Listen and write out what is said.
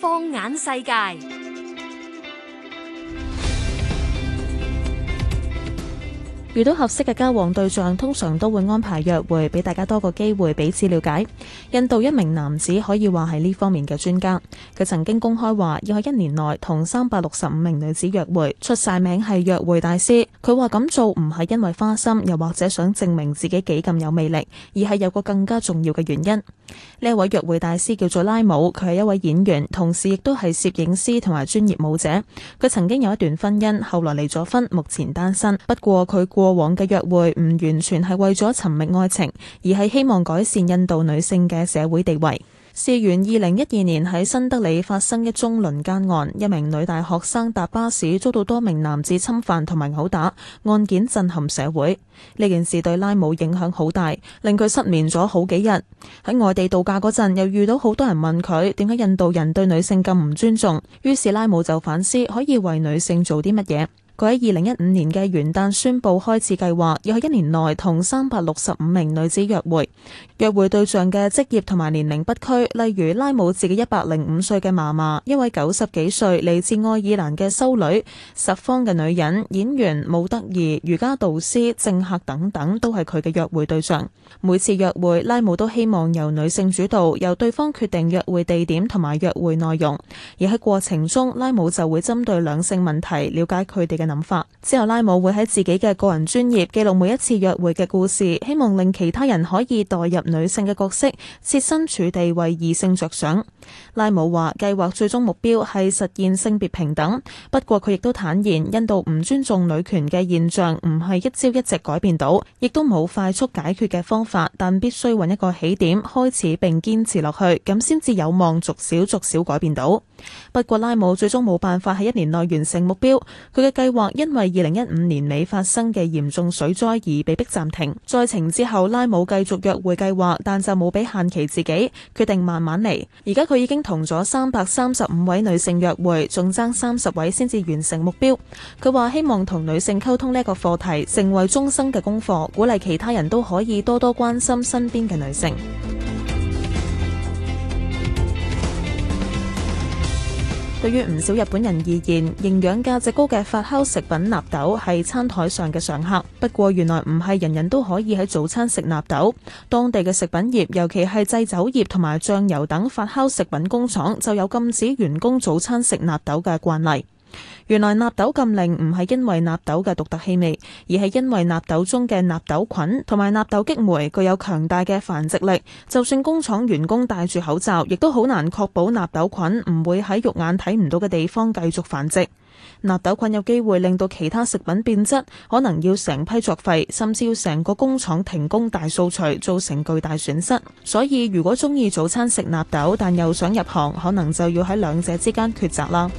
放眼世界。遇到合適嘅交往對象，通常都會安排約會，俾大家多個機會彼此了解。印度一名男子可以話係呢方面嘅專家，佢曾經公開話要喺一年內同三百六十五名女子約會，出晒名係約會大師，佢話咁做唔係因為花心，又或者想證明自己幾咁有魅力，而係有個更加重要嘅原因。呢一位約會大師叫做拉姆，佢係一位演員，同時亦都係攝影師同埋專業舞者。佢曾經有一段婚姻，後來離咗婚，目前單身。不過佢過往嘅約會唔完全係為咗尋覓愛情，而係希望改善印度女性嘅社會地位。事源二零一二年喺新德里發生一宗輪姦案，一名女大學生搭巴士遭到多名男子侵犯同埋毆打，案件震撼社會。呢件事對拉姆影響好大，令佢失眠咗好幾日。喺外地度假嗰陣，又遇到好多人問佢點解印度人對女性咁唔尊重，於是拉姆就反思可以為女性做啲乜嘢。佢喺二零一五年嘅元旦宣布開始計劃，要喺一年內同三百六十五名女子約會。約會對象嘅職業同埋年齡不拘，例如拉姆自己一百零五歲嘅嫲嫲，一位九十幾歲嚟自愛爾蘭嘅修女，拾荒嘅女人、演員、模特兒瑜伽導師、政客等等，都係佢嘅約會對象。每次約會，拉姆都希望由女性主導，由對方決定約會地點同埋約會內容。而喺過程中，拉姆就會針對兩性問題了解佢哋嘅。諗法之後，拉姆會喺自己嘅個人專業記錄每一次約會嘅故事，希望令其他人可以代入女性嘅角色，設身處地為異性着想。拉姆話：計劃最終目標係實現性別平等，不過佢亦都坦言，印度唔尊重女權嘅現象唔係一朝一夕改變到，亦都冇快速解決嘅方法，但必須揾一個起點開始並堅持落去，咁先至有望逐少逐少改變到。不過拉姆最終冇辦法喺一年內完成目標，佢嘅計劃或因為二零一五年尾發生嘅嚴重水災而被迫暫停。災情之後，拉姆繼續約會計劃，但就冇畀限期自己，決定慢慢嚟。而家佢已經同咗三百三十五位女性約會，仲爭三十位先至完成目標。佢話希望同女性溝通呢一個課題成為終生嘅功課，鼓勵其他人都可以多多關心身邊嘅女性。對於唔少日本人而言，營養價值高嘅發酵食品納豆係餐台上嘅常客。不過原來唔係人人都可以喺早餐食納豆。當地嘅食品業，尤其係製酒業同埋醬油等發酵食品工廠，就有禁止員工早餐食納豆嘅慣例。原來納豆禁令唔係因為納豆嘅獨特氣味，而係因為納豆中嘅納豆菌同埋納豆激酶具有強大嘅繁殖力，就算工廠員工戴住口罩，亦都好難確保納豆菌唔會喺肉眼睇唔到嘅地方繼續繁殖。納豆菌有機會令到其他食品變質，可能要成批作廢，甚至要成個工廠停工大掃除，造成巨大損失。所以，如果中意早餐食納豆，但又想入行，可能就要喺兩者之間抉擇啦。